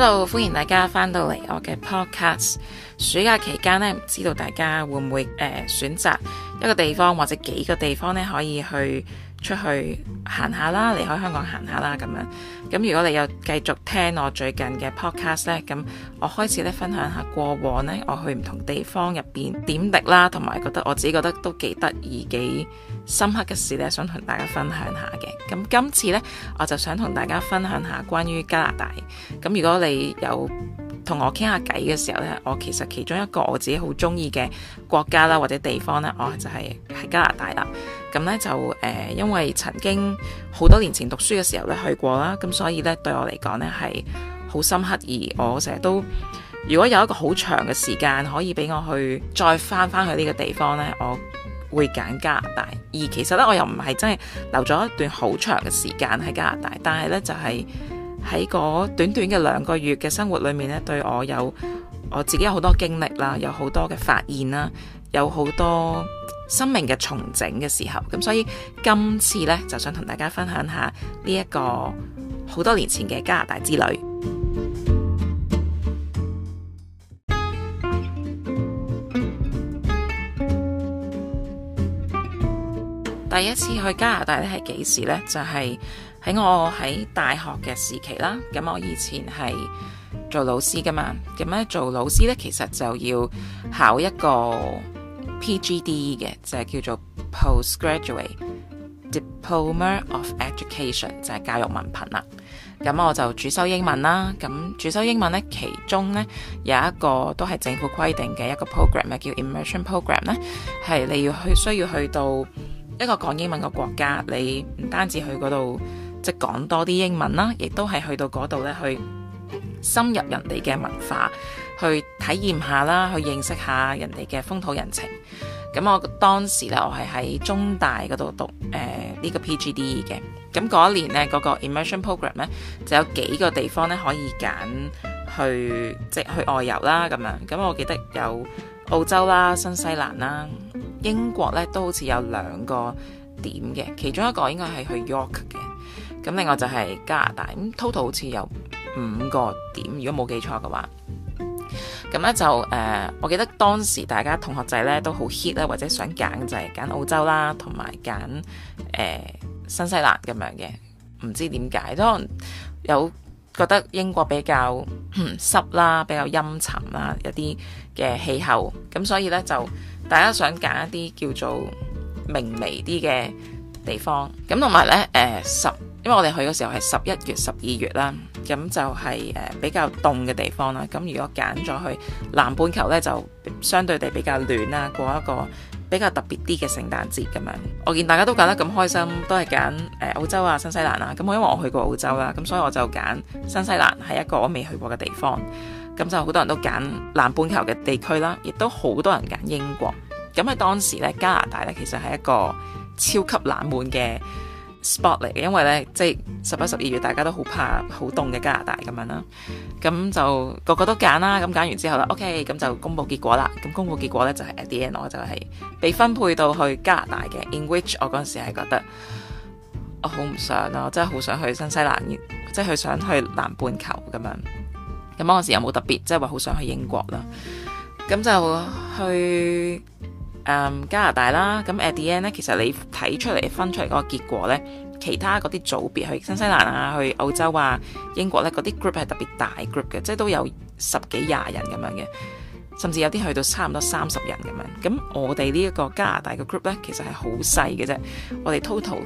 hello，歡迎大家翻到嚟我嘅 podcast。暑假期間呢，唔知道大家會唔會誒、呃、選擇一個地方或者幾個地方呢，可以去。出去行下啦，離開香港行下啦咁樣。咁如果你有繼續聽我最近嘅 podcast 呢，咁我開始咧分享下過往呢。我去唔同地方入邊點滴啦，同埋覺得我自己覺得都幾得意、幾深刻嘅事呢，想同大家分享下嘅。咁今次呢，我就想同大家分享下關於加拿大。咁如果你有同我傾下偈嘅時候呢，我其實其中一個我自己好中意嘅國家啦，或者地方呢，我就係喺加拿大啦。咁呢，就、呃、誒，因為曾經好多年前讀書嘅時候呢，去過啦，咁所以呢，對我嚟講呢，係好深刻，而我成日都，如果有一個好長嘅時間可以俾我去再返返去呢個地方呢，我會揀加拿大。而其實呢，我又唔係真係留咗一段好長嘅時間喺加拿大，但係呢，就係、是。喺嗰短短嘅兩個月嘅生活裏面咧，對我有我自己有好多經歷啦，有好多嘅發現啦，有好多生命嘅重整嘅時候。咁所以今次呢，就想同大家分享下呢一個好多年前嘅加拿大之旅。第一次去加拿大咧，係幾時呢？就係、是。喺我喺大學嘅時期啦，咁我以前係做老師㗎嘛，咁咧做老師咧，其實就要考一個 PGDE 嘅，就係叫做 Postgraduate Diploma of Education，就係教育文憑啦。咁我就主修英文啦，咁主修英文咧，其中咧有一個都係政府規定嘅一個 program 啊，叫 Immersion Program 咧，係你要去需要去到一個講英文嘅國家，你唔單止去嗰度。即講多啲英文啦，亦都係去到嗰度咧，去深入人哋嘅文化，去體驗下啦，去認識一下人哋嘅風土人情。咁我當時咧，我係喺中大嗰度讀誒呢、呃這個 PGD 嘅。咁嗰一年咧，嗰個 immersion program 咧就有幾個地方咧可以揀去即、就是、去外遊啦。咁樣，咁我記得有澳洲啦、新西蘭啦、英國咧都好似有兩個點嘅，其中一個應該係去 York 嘅。咁另外就係加拿大，咁 total 好似有五個點，如果冇記錯嘅話。咁咧就誒、呃，我記得當時大家同學仔咧都好 hit 啦，或者想揀就係、是、揀澳洲啦，同埋揀誒新西蘭咁樣嘅。唔知點解，都可能有覺得英國比較濕啦，比較陰沉啦，有啲嘅氣候，咁所以咧就大家想揀一啲叫做明媚啲嘅地方，咁同埋呢，誒、呃、十，因為我哋去嘅時候係十一月、十二月啦，咁就係誒比較凍嘅地方啦。咁如果揀咗去南半球呢，就相對地比較暖啦，過一個比較特別啲嘅聖誕節咁樣。我見大家都揀得咁開心，都係揀誒澳洲啊、新西蘭啊。咁我因為我去過澳洲啦、啊，咁所以我就揀新西蘭係一個我未去過嘅地方。咁就好多人都揀南半球嘅地區啦，亦都好多人揀英國。咁喺當時呢，加拿大呢，其實係一個。超級冷門嘅 spot 嚟嘅，因為呢，即係十一、十二月大家都好怕好凍嘅加拿大咁樣啦，咁就個個都揀啦，咁揀完之後啦，OK，咁就公佈結果啦，咁公佈結果呢，就係 Adrian 我就係被分配到去加拿大嘅，in which 我嗰陣時係覺得我好唔想咯，我真係好想去新西蘭，即係想去南半球咁樣，咁嗰陣時又冇特別即係話好想去英國啦，咁就去。嗯、加拿大啦，咁 at the end 呢，其實你睇出嚟分出嚟嗰個結果呢，其他嗰啲組別去新西蘭啊，去澳洲啊、英國呢，嗰啲 group 係特別大 group 嘅，即係都有十幾廿人咁樣嘅，甚至有啲去到差唔多三十人咁樣。咁我哋呢一個加拿大嘅 group 呢，其實係好細嘅啫，我哋 total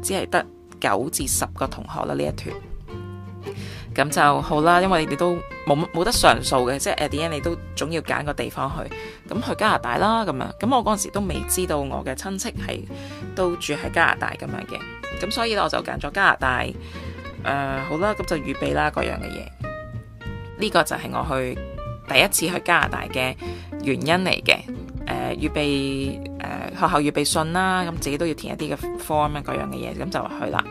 只係得九至十個同學啦，呢一團。咁就好啦，因為你哋都冇冇得上訴嘅，即係誒點樣你都總要揀個地方去。咁去加拿大啦，咁樣。咁我嗰陣時都未知道我嘅親戚係都住喺加拿大咁樣嘅，咁所以我就揀咗加拿大。誒、呃、好啦，咁就預備啦，各樣嘅嘢。呢、呢個就係我去第一次去加拿大嘅原因嚟嘅。誒、呃、預備誒、呃、學校預備信啦，咁自己都要填一啲嘅 form 啊，各樣嘅嘢，咁就去啦。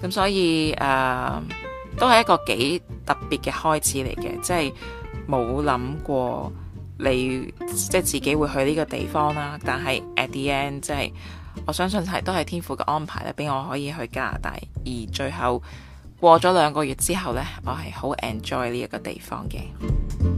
咁所以誒。呃都係一個幾特別嘅開始嚟嘅，即係冇諗過你即係自己會去呢個地方啦。但係 at the end 即係我相信係都係天父嘅安排咧，俾我可以去加拿大。而最後過咗兩個月之後呢，我係好 enjoy 呢一個地方嘅。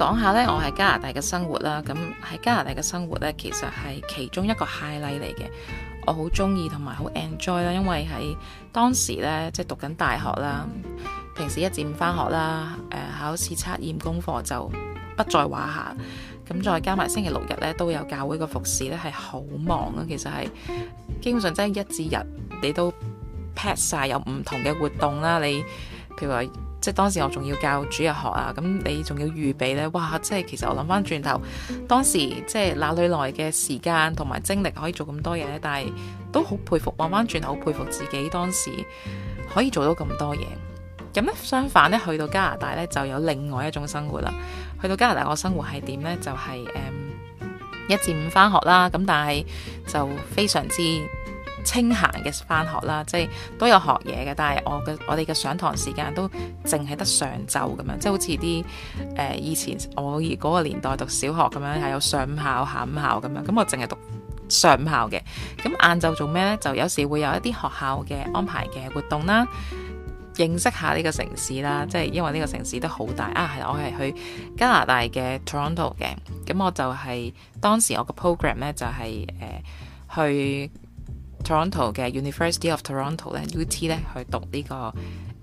講下咧，我喺加拿大嘅生活啦。咁喺加拿大嘅生活咧，其實係其中一個 highlight 嚟嘅。我好中意同埋好 enjoy 啦，因為喺當時咧，即係讀緊大學啦，平時一至五翻學啦，誒考試測驗功課就不在話下。咁再加埋星期六日咧，都有教會嘅服侍咧，係好忙啊。其實係基本上真係一至日你都 pat 晒有唔同嘅活動啦。你譬如話。即係當時我仲要教主日學啊，咁你仲要預備呢？哇！即係其實我諗翻轉頭，當時即係哪裏來嘅時間同埋精力可以做咁多嘢呢？但係都好佩服，慢慢轉頭好佩服自己當時可以做到咁多嘢。咁呢相反呢，去到加拿大呢，就有另外一種生活啦。去到加拿大我生活係點呢？就係誒一至五翻學啦，咁但係就非常之。清閒嘅返學啦，即係都有學嘢嘅，但係我嘅我哋嘅上堂時間都淨係得上晝咁樣，即係好似啲誒以前我嗰個年代讀小學咁樣係有上午校、下午校咁樣。咁我淨係讀上午校嘅。咁晏晝做咩呢？就有時會有一啲學校嘅安排嘅活動啦，認識下呢個城市啦。即係因為呢個城市都好大啊。係我係去加拿大嘅 Toronto 嘅。咁我就係、是、當時我個 program 呢，就係、是、誒、呃、去。Toronto 嘅 University of Toronto 咧 （U.T.） 咧去讀呢個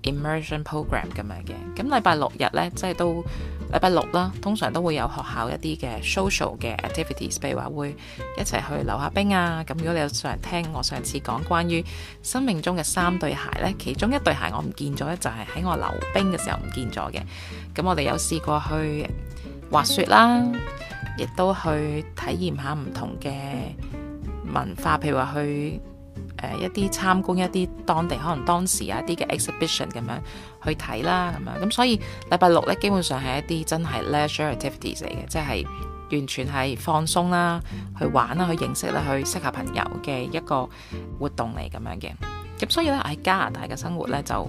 immersion program 咁樣嘅。咁禮拜六日咧，即係都禮拜六啦，通常都會有學校一啲嘅 social 嘅 activities，譬如話會一齊去溜下冰啊。咁如果你有上聽我上次講關於生命中嘅三對鞋咧，其中一對鞋我唔見咗咧，就係喺我溜冰嘅時候唔見咗嘅。咁我哋有試過去滑雪啦，亦都去體驗下唔同嘅文化，譬如話去。誒，一啲參觀，一啲當地可能當時有一啲嘅 exhibition，咁樣去睇啦，咁樣。咁所以禮拜六咧基本上係一啲真係 leisure activities 嚟嘅，即係完全係放鬆啦、去玩啦、去認識啦、去識下朋友嘅一個活動嚟咁樣嘅，咁所以咧喺加拿大嘅生活咧就。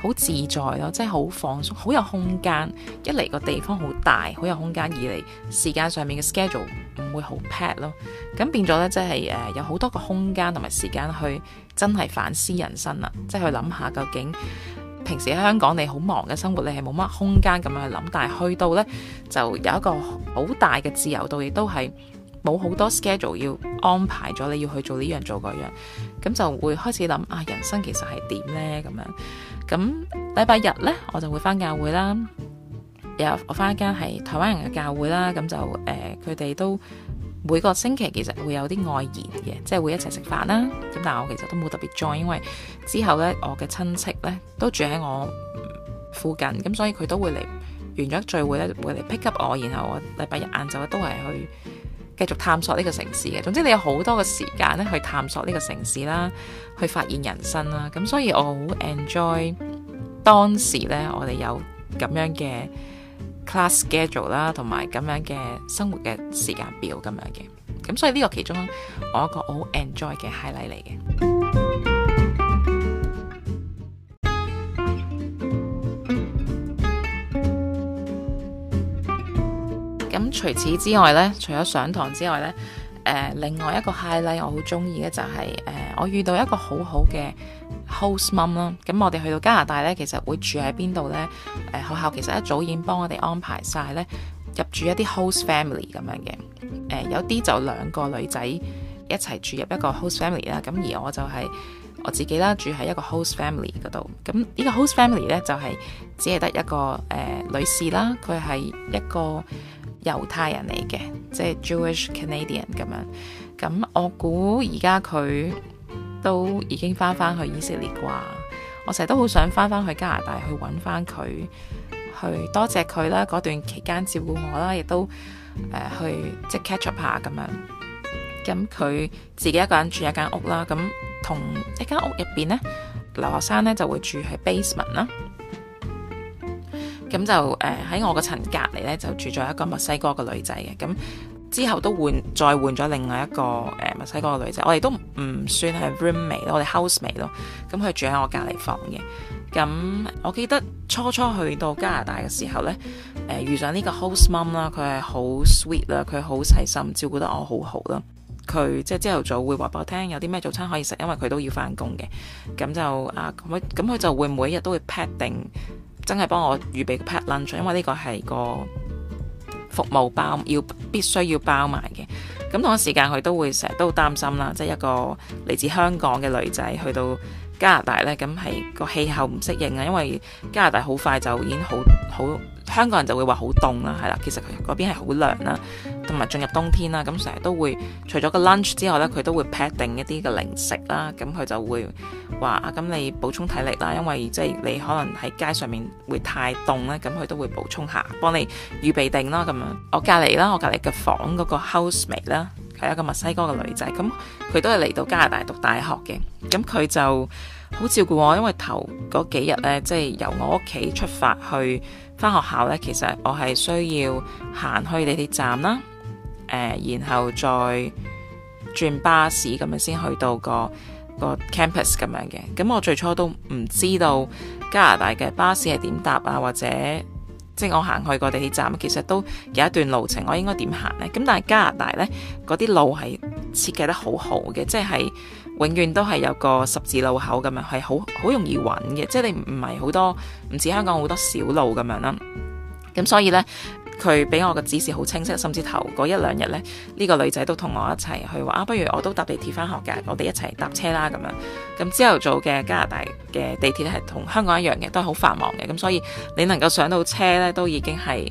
好自在咯，即係好放鬆，好有空間。一嚟個地方好大，好有空間；二嚟時間上面嘅 schedule 唔會好 pad 咯。咁變咗呢，即係、呃、有好多個空間同埋時間去真係反思人生啦。即係去諗下究竟平時喺香港你好忙嘅生活，你係冇乜空間咁樣去諗。但係去到呢，就有一個好大嘅自由度，亦都係冇好多 schedule 要安排咗你要去做呢樣做嗰樣，咁就會開始諗：「啊，人生其實係點呢？」咁樣。咁禮拜日呢，我就會翻教會啦。然後我翻一間係台灣人嘅教會啦，咁就誒，佢哋都每個星期其實會有啲愛筵嘅，即係會一齊食飯啦。咁但係我其實都冇特別 join，因為之後呢，我嘅親戚呢都住喺我附近，咁所以佢都會嚟完咗聚會咧，會嚟 pick up 我，然後我禮拜日晏晝都係去。繼續探索呢個城市嘅，總之你有好多嘅時間咧去探索呢個城市啦，去發現人生啦，咁所以我好 enjoy 當時咧我哋有咁樣嘅 class schedule 啦，同埋咁樣嘅生活嘅時間表咁樣嘅，咁所以呢個其中我一個好 enjoy 嘅 highlight 嚟嘅。除此之外咧，除咗上堂之外咧、呃，另外一個 highlight 我好中意嘅就係、是呃、我遇到一個好好嘅 host mum 啦。咁我哋去到加拿大咧，其實會住喺邊度咧？誒、呃，學校其實一早已經幫我哋安排晒咧，入住一啲 host family 咁樣嘅、呃。有啲就兩個女仔一齊住入一個 host family 啦。咁而我就係、是、我自己啦，住喺一個 host family 嗰度。咁呢個 host family 咧，就係、是、只係得一個、呃、女士啦。佢係一個。猶太人嚟嘅，即係 Jewish Canadian 咁樣。咁我估而家佢都已經翻返去以色列啩。我成日都好想翻返去加拿大去揾翻佢，去多謝佢啦，嗰段期間照顧我啦，亦都去即係 catch up 下咁樣。咁佢自己一個人住一間屋啦，咁同一間屋入邊呢，留學生呢就會住喺 basement 啦。咁就誒喺、呃、我個層隔離咧，就住咗一個墨西哥嘅女仔嘅。咁之後都換再換咗另外一個誒、呃、墨西哥嘅女仔。我哋都唔算係 roommate 咯，我哋 housemate 咯。咁佢住喺我隔離房嘅。咁我記得初初去到加拿大嘅時候咧，誒、呃、遇上呢個 host mom 啦，佢係好 sweet 啦，佢好細心照顧得我好好啦。佢即係朝頭早會話畀我聽有啲咩早餐可以食，因為佢都要翻工嘅。咁就啊咁，佢就會每一日都會 pack 定。真係幫我預備個 pat lunch，因為呢個係個服務包要必須要包埋嘅。咁同一時間佢都會成日都擔心啦，即係一個嚟自香港嘅女仔去到加拿大呢，咁係個氣候唔適應啊。因為加拿大好快就已經好好，香港人就會話好凍啦，係啦，其實佢嗰邊係好涼啦。同埋進入冬天啦，咁成日都會除咗個 lunch 之後呢，佢都會 pack 定一啲嘅零食啦。咁佢就會話，咁你補充體力啦，因為即係你可能喺街上面會太凍啦，咁佢都會補充下，幫你預備定啦。咁樣我隔離啦，我隔離嘅房嗰個 housemate 啦，係一個墨西哥嘅女仔，咁佢都係嚟到加拿大讀大學嘅。咁佢就好照顧我，因為頭嗰幾日呢，即係由我屋企出發去翻學校呢，其實我係需要行去地鐵站啦。誒，然後再轉巴士咁樣先去到個個 campus 咁樣嘅。咁我最初都唔知道加拿大嘅巴士係點搭啊，或者即係我行去個地鐵站，其實都有一段路程，我應該點行呢？咁但係加拿大呢，嗰啲路係設計得好好嘅，即係永遠都係有個十字路口咁樣，係好好容易揾嘅。即係你唔係好多，唔似香港好多小路咁樣啦。咁所以呢。佢俾我嘅指示好清晰，甚至頭嗰一兩日呢，呢個女仔都同我一齊去話啊，不如我都搭地鐵翻學嘅，我哋一齊搭車啦咁樣。咁朝頭早嘅加拿大嘅地鐵係同香港一樣嘅，都係好繁忙嘅，咁所以你能夠上到車呢，都已經係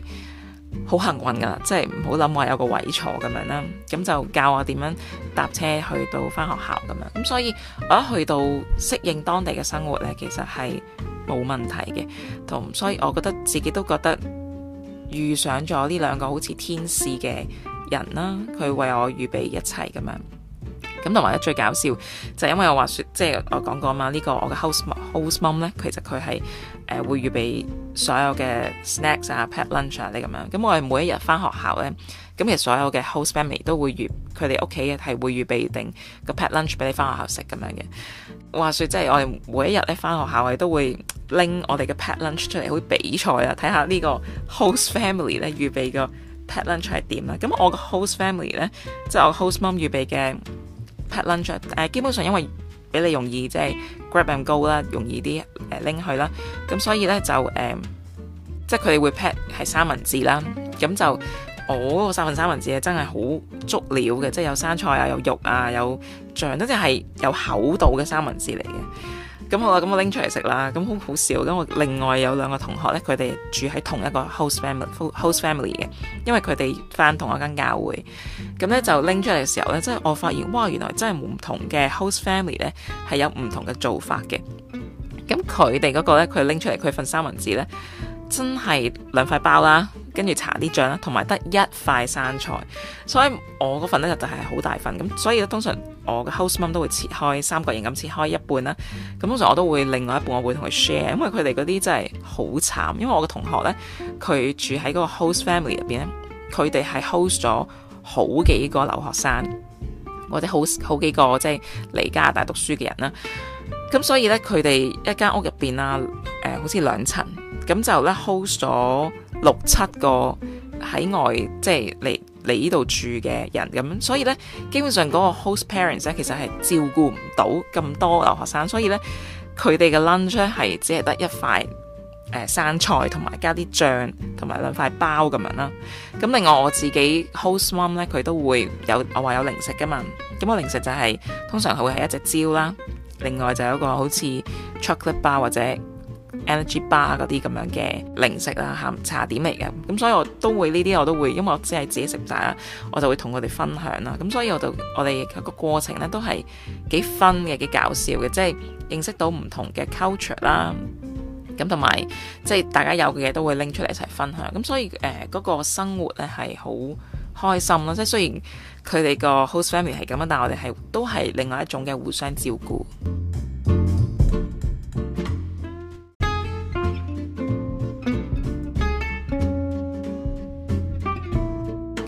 好幸運噶啦，即係唔好諗話有個位坐咁樣啦。咁就教我點樣搭車去到翻學校咁樣。咁所以我一去到適應當地嘅生活呢，其實係冇問題嘅，同所以我覺得自己都覺得。遇上咗呢兩個好似天使嘅人啦，佢為我預備一切咁樣，咁同埋咧最搞笑就係因為我話說，即係我講過啊嘛，呢個我嘅 house mom，house mom 咧其實佢係誒會預備所有嘅 snacks 啊、pack lunch 啊呢咁樣，咁我哋每一日翻學校咧。咁其實所有嘅 host family 都會預佢哋屋企嘅係會預備定個 pet lunch 俾你返學校食咁樣嘅，話說即係我哋每一日咧返學校，我哋都會拎我哋嘅 pet lunch 出嚟，會比賽啊，睇下呢個 host family 咧預備個 pet lunch 係點啦。咁我個 host family 咧，即係我 host mom 預備嘅 pet lunch，誒基本上因為比你容易即係 grab and go 啦，容易啲誒拎去啦，咁所以咧就誒，即係佢哋會 pet 係三文治啦，咁就。哦、我嗰個三份三文治咧，真係好足料嘅，即係有生菜啊，有肉啊，有醬，都即係有厚度嘅三文治嚟嘅。咁我咁我拎出嚟食啦。咁好好笑，咁我另外有兩個同學咧，佢哋住喺同一個 host family，host family 嘅 family，因為佢哋返同一間教會。咁咧就拎出嚟嘅時候咧，即係我發現，哇！原來真係唔同嘅 host family 咧係有唔同嘅做法嘅。咁佢哋嗰個咧，佢拎出嚟佢份三文治咧。真係兩塊包啦，跟住搽啲醬啦，同埋得一塊生菜，所以我嗰份呢，就係好大份咁，所以咧通常我嘅 host mum 都會切開三角形咁切開一半啦，咁通常我都會另外一半我會同佢 share，因為佢哋嗰啲真係好慘，因為我嘅同學呢，佢住喺嗰個 host family 入面呢，佢哋係 host 咗好幾個留學生或者好好幾個即係嚟加拿大讀書嘅人啦，咁所以呢，佢哋一間屋入面啊，誒好似兩層。咁就咧 host 咗六七個喺外即係嚟嚟呢度住嘅人，咁所以咧，基本上嗰個 host parents 咧其實係照顧唔到咁多留學生，所以咧佢哋嘅 lunch 咧係只係得一塊誒生菜同埋加啲醬同埋兩塊包咁樣啦。咁另外我自己 host mom 咧佢都會有我話有零食噶嘛，咁我零食就係通常佢會係一隻蕉啦，另外就有一個好似 chocolate 包或者。energy bar 嗰啲咁樣嘅零食啦、鹹茶點嚟嘅。咁所以我都會呢啲，這些我都會，因為我只係自己食曬啦，我就會同佢哋分享啦。咁所以我就我哋一個過程呢都係幾 fun 嘅、幾搞笑嘅，即係認識到唔同嘅 culture 啦，咁同埋即係大家有嘅嘢都會拎出嚟一齊分享。咁所以誒嗰個生活咧係好開心啦。即係雖然佢哋個 house family 係咁啊，但係我哋係都係另外一種嘅互相照顧。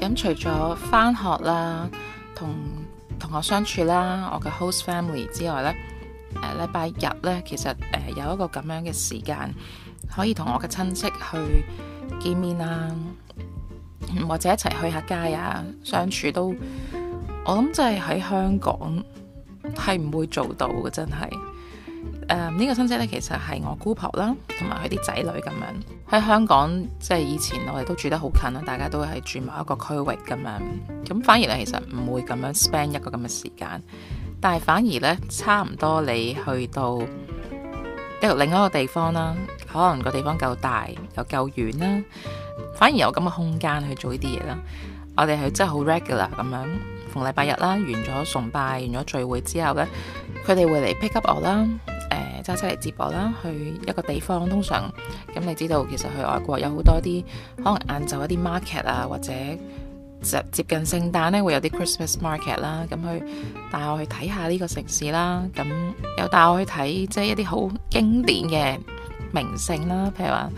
咁除咗翻學啦，同同學相處啦，我嘅 host family 之外咧，誒禮拜日咧，其實誒有一個咁樣嘅時間，可以同我嘅親戚去見面啊，或者一齊去下街啊，相處都，我諗就係喺香港係唔會做到嘅，真係。誒、um, 呢個親戚咧，其實係我姑婆啦，同埋佢啲仔女咁樣喺香港。即係以前我哋都住得好近啦，大家都係住某一個區域咁樣。咁反而咧，其實唔會咁樣 spend 一個咁嘅時間。但係反而咧，差唔多你去到由另一個地方啦，可能那個地方夠大又夠遠啦，反而有咁嘅空間去做呢啲嘢啦。我哋係真係好 regular 咁樣逢禮拜日啦，完咗崇拜完咗聚會之後咧，佢哋會嚟 pick up 我啦。揸車嚟接我啦，去一個地方。通常咁，你知道其實去外國有好多啲可能晏晝一啲 market 啊，或者接近聖誕咧會有啲 Christmas market 啦。咁去帶我去睇下呢個城市啦，咁又帶我去睇即係一啲好經典嘅名勝啦，譬如話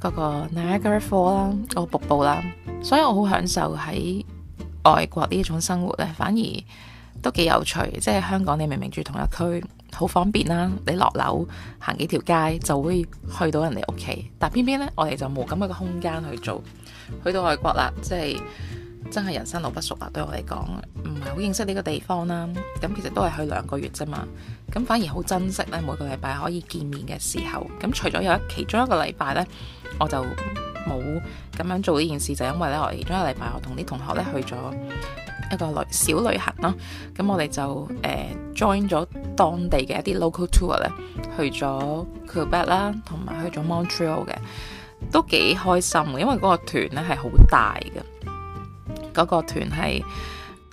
嗰個 Niagara Falls 啦，嗰個瀑布啦。所以我好享受喺外國呢一種生活咧，反而都幾有趣。即係香港，你明明住同一區。好方便啦！你落樓行幾條街就會去到人哋屋企，但偏偏呢，我哋就冇咁樣嘅空間去做。去到外國啦，即係真係人生路不熟啊！對我嚟講，唔係好認識呢個地方啦。咁其實都係去兩個月啫嘛，咁反而好珍惜呢每個禮拜可以見面嘅時候。咁除咗有一其中一個禮拜呢，我就冇咁樣做呢件事，就因為呢，我其中一個禮拜我同啲同學呢去咗一個旅小旅行咯，咁我哋就誒 join 咗當地嘅一啲 local tour 咧，去咗 Quebec 啦，同埋去咗 Montreal 嘅，都幾開心嘅，因為嗰個團咧係好大嘅，嗰、嗰個團係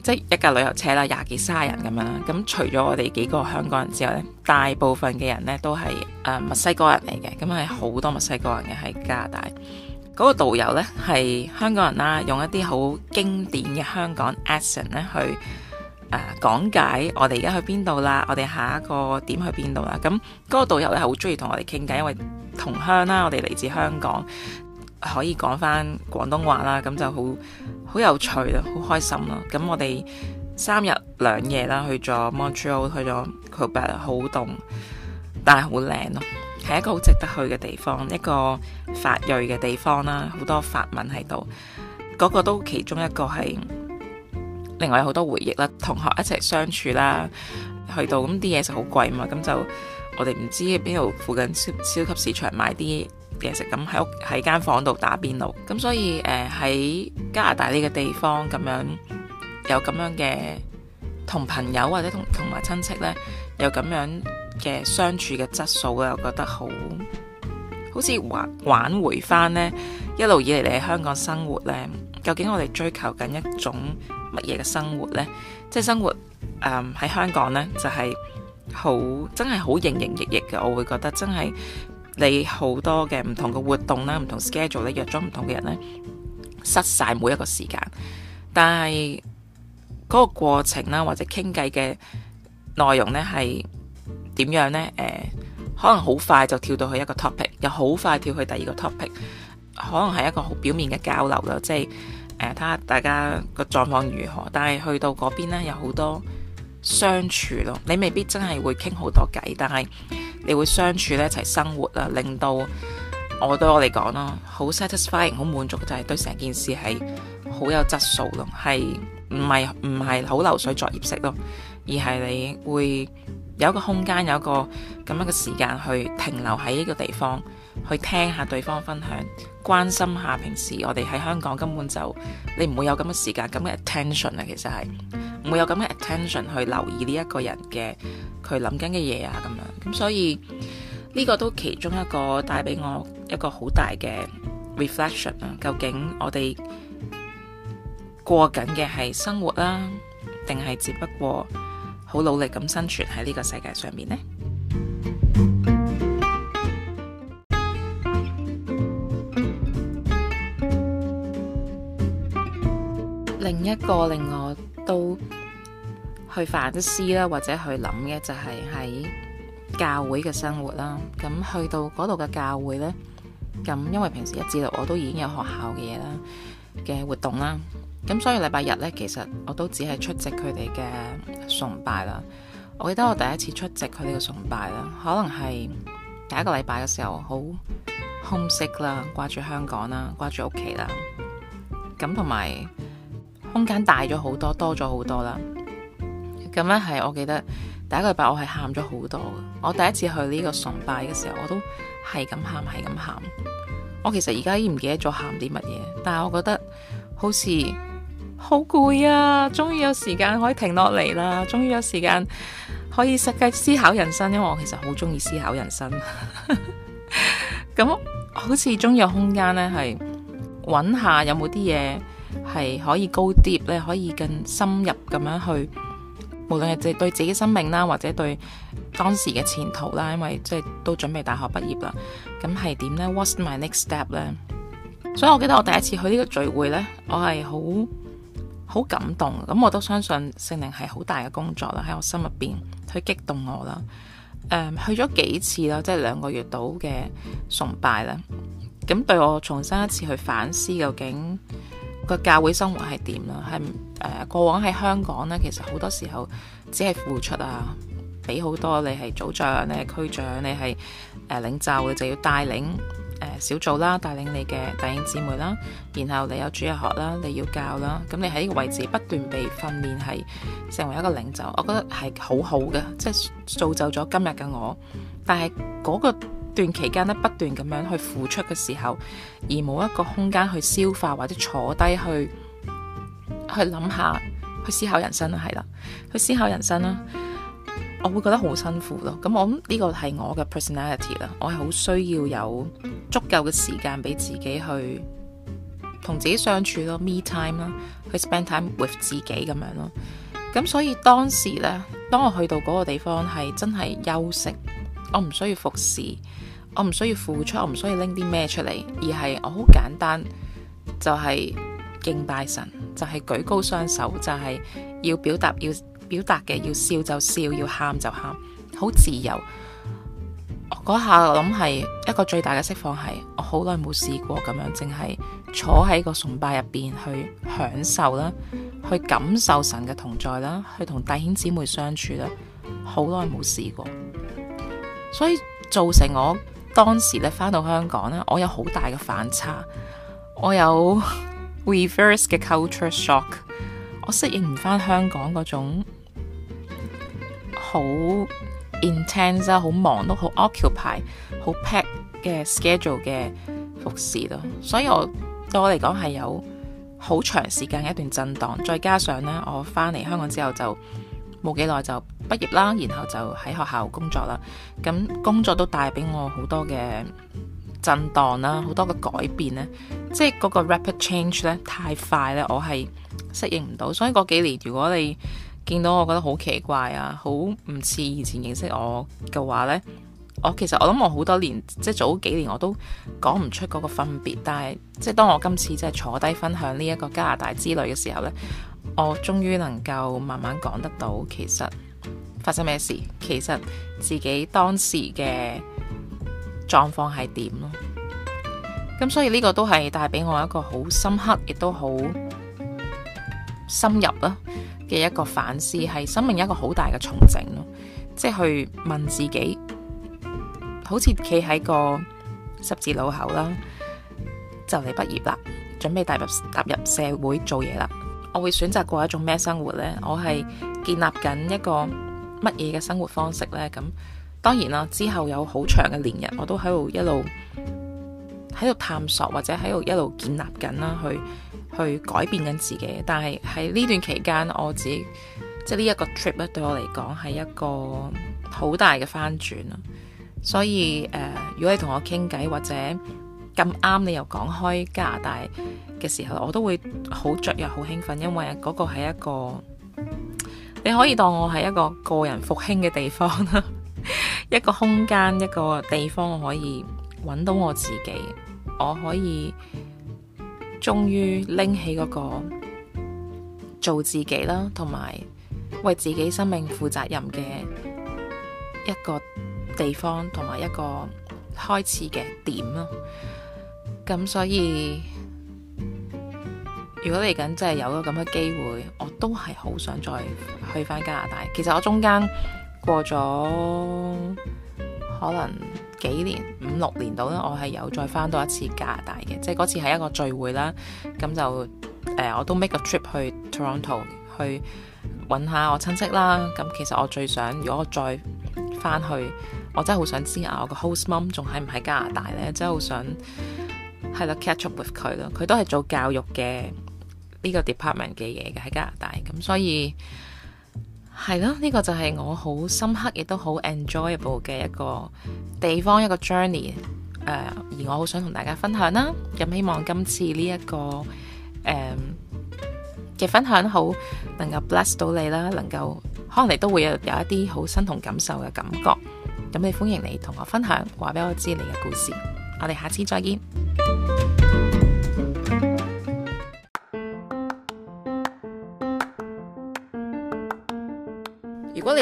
即係一架旅遊車啦，廿幾卅人咁樣啦，咁除咗我哋幾個香港人之外咧，大部分嘅人咧都係誒、呃、墨西哥人嚟嘅，咁係好多墨西哥人嘅喺加拿大。嗰個導遊呢，係香港人啦，用一啲好經典嘅香港 accent 咧去誒、呃、講解我哋而家去邊度啦，我哋下一個點去邊度啦。咁嗰、那個導遊呢，好中意同我哋傾偈，因為同鄉啦，我哋嚟自香港，可以講翻廣東話啦，咁就好好有趣啦，好開心啦。咁我哋三日兩夜啦，去咗 Montreal，去咗 Quebec，好凍，但係好靚咯。係一個好值得去嘅地方，一個法裔嘅地方啦，好多法文喺度，嗰、那個都其中一個係，另外有好多回憶啦，同學一齊相處啦，去到咁啲嘢食好貴嘛，咁就我哋唔知喺邊度附近超超級市場買啲嘢食，咁喺屋喺間房度打邊爐，咁所以誒喺、呃、加拿大呢個地方咁樣有咁樣嘅同朋友或者同同埋親戚呢，有咁樣。嘅相處嘅質素咧，我覺得好好似挽挽回翻呢一路以嚟，你喺香港生活呢，究竟我哋追求緊一種乜嘢嘅生活呢？即係生活，嗯，喺香港呢，就係好真係好營營役役嘅。我會覺得真係你好多嘅唔同嘅活動啦，唔同 schedule 咧，約咗唔同嘅人呢，失晒每一個時間。但係嗰個過程啦，或者傾偈嘅內容呢，係～點樣呢？呃、可能好快就跳到去一個 topic，又好快跳去第二個 topic，可能係一個好表面嘅交流咯，即係睇下大家個狀況如何。但係去到嗰邊呢，有好多相處咯，你未必真係會傾好多偈，但係你會相處咧，一齊生活啊，令到我對我嚟講咯，好 satisfying，好滿足，就係對成件事係好有質素咯，係唔係唔係好流水作業式咯？而係你會有一個空間，有一個咁樣嘅時間去停留喺呢個地方，去聽下對方分享，關心下。平時我哋喺香港根本就你唔會有咁嘅時間，咁嘅 attention 啊，其實係唔會有咁嘅 attention 去留意呢一個人嘅佢諗緊嘅嘢啊咁樣。咁所以呢個都其中一個帶俾我一個好大嘅 reflection 啊！究竟我哋過緊嘅係生活啦、啊，定係只不過？好努力咁生存喺呢個世界上面呢。另、另一個令我都去反思啦，或者去諗嘅就係、是、喺教會嘅生活啦。咁去到嗰度嘅教會呢，咁因為平時一至六我都已經有學校嘅嘢啦，嘅活動啦。咁所以禮拜日咧，其實我都只係出席佢哋嘅崇拜啦。我記得我第一次出席佢呢個崇拜啦，可能係第一個禮拜嘅時候好空適啦，掛住香港啦，掛住屋企啦。咁同埋空間大咗好多，多咗好多啦。咁咧係我記得第一個禮拜我係喊咗好多嘅。我第一次去呢個崇拜嘅時候，我都係咁喊，係咁喊。我其實而家已經唔記得咗喊啲乜嘢，但係我覺得好似～好攰啊！終於有時間可以停落嚟啦，終於有時間可以實際思考人生。因為我其實好中意思考人生。咁 好似終於有空間呢，係揾下有冇啲嘢係可以 go deep，d 可以更深入咁樣去。無論係對自己的生命啦，或者對當時嘅前途啦，因為即係都準備大學畢業啦。咁係點呢？What's my next step 呢？所以我記得我第一次去呢個聚會呢，我係好。好感動，咁我都相信聖靈係好大嘅工作啦，喺我心入邊，佢激動我啦、嗯。去咗幾次啦，即係兩個月度嘅崇拜啦。咁對我重新一次去反思，究竟個教會生活係點啦？係誒、呃、過往喺香港呢，其實好多時候只係付出啊，俾好多你係組長，你係區長，你係誒領袖，你就要帶領。誒，小組啦，帶領你嘅弟兄姊妹啦，然後你有主日學啦，你要教啦，咁你喺呢個位置不斷被訓練係成為一個領袖，我覺得係好好嘅，即係造就咗今日嘅我。但係嗰個段期間呢，不斷咁樣去付出嘅時候，而冇一個空間去消化或者坐低去去諗下，去思考人生係啦，去思考人生啦。我會覺得好辛苦咯，咁我諗呢個係我嘅 personality 啦，我係好需要有足夠嘅時間俾自己去同自己相處咯，me time 啦，去 spend time with 自己咁樣咯。咁所以當時呢，當我去到嗰個地方，係真係休息，我唔需要服侍，我唔需要付出，我唔需要拎啲咩出嚟，而係我好簡單，就係敬拜神，就係舉高雙手，就係要表達要。表達嘅，要笑就笑，要喊就喊，好自由。下我嗰下諗係一個最大嘅釋放，係我好耐冇試過咁樣，淨係坐喺個崇拜入邊去享受啦，去感受神嘅同在啦，去同弟兄姊妹相處啦，好耐冇試過。所以造成我當時咧翻到香港咧，我有好大嘅反差，我有 reverse 嘅 culture shock，我適應唔翻香港嗰種。好 intense 啊，好忙都好 occupy，好 packed 嘅 schedule 嘅服侍咯，所以我對我嚟講係有好長時間嘅一段震盪，再加上呢，我翻嚟香港之後就冇幾耐就畢業啦，然後就喺學校工作啦，咁工作都帶俾我好多嘅震盪啦，好多嘅改變那呢。即係嗰個 rapid change 呢太快呢，我係適應唔到，所以嗰幾年如果你見到我覺得好奇怪啊，好唔似以前認識我嘅話呢。我其實我諗我好多年，即係早幾年我都講唔出嗰個分別，但係即係當我今次即係坐低分享呢一個加拿大之旅嘅時候呢，我終於能夠慢慢講得到，其實發生咩事，其實自己當時嘅狀況係點咯。咁所以呢個都係帶俾我一個好深刻，亦都好深入咯。嘅一個反思，係生命一個好大嘅重整咯，即係去問自己，好似企喺個十字路口啦，就嚟畢業啦，準備踏入踏入社會做嘢啦，我會選擇過一種咩生活呢？我係建立緊一個乜嘢嘅生活方式呢？咁當然啦，之後有好長嘅年日，我都喺度一路喺度探索，或者喺度一,一路建立緊啦，去。去改變緊自己，但係喺呢段期間，我自己即係呢一個 trip 咧，對我嚟講係一個好大嘅翻轉啊！所以誒、呃，如果你同我傾偈或者咁啱你又講開加拿大嘅時候，我都會好雀躍、好興奮，因為嗰個係一個你可以當我係一個個人復興嘅地方啦，呵呵，一個空間、一個地方，我可以揾到我自己，我可以。終於拎起嗰個做自己啦，同埋為自己生命負責任嘅一個地方，同埋一個開始嘅點咯。咁所以，如果嚟緊真係有個咁嘅機會，我都係好想再去翻加拿大。其實我中間過咗可能。幾年五六年度呢，我係有再翻到一次加拿大嘅，即係嗰次係一個聚會啦。咁就誒、呃，我都 make 個 trip 去 to Toronto 去揾下我親戚啦。咁其實我最想，如果我再翻去，我真係好想知啊，我個 host mom 仲喺唔喺加拿大呢？真係好想係啦，catch up with 佢咯。佢都係做教育嘅呢、呢個 department 嘅嘢嘅喺加拿大，咁所以。係咯，呢個就係我好深刻，亦都好 enjoyable 嘅一個地方，一個 journey，呃。而我好想同大家分享啦，咁希望今次呢一個嘅、呃、分享，好能夠 bless 到你啦，能夠，能夠可能你都會有有一啲好身同感受嘅感覺。咁你歡迎你同我分享，話俾我知你嘅故事。我哋下次再見。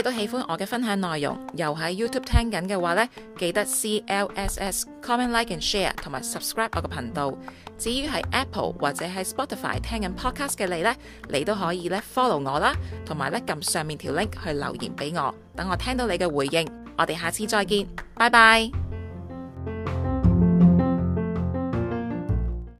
你都喜歡我嘅分享內容，又喺 YouTube 聽緊嘅話咧，記得 CLSS comment like and share，同埋 subscribe 我嘅頻道。至於係 Apple 或者係 Spotify 聽緊 podcast 嘅你咧，你都可以咧 follow 我啦，同埋咧撳上面條 link 去留言俾我，等我聽到你嘅回應。我哋下次再見，拜拜。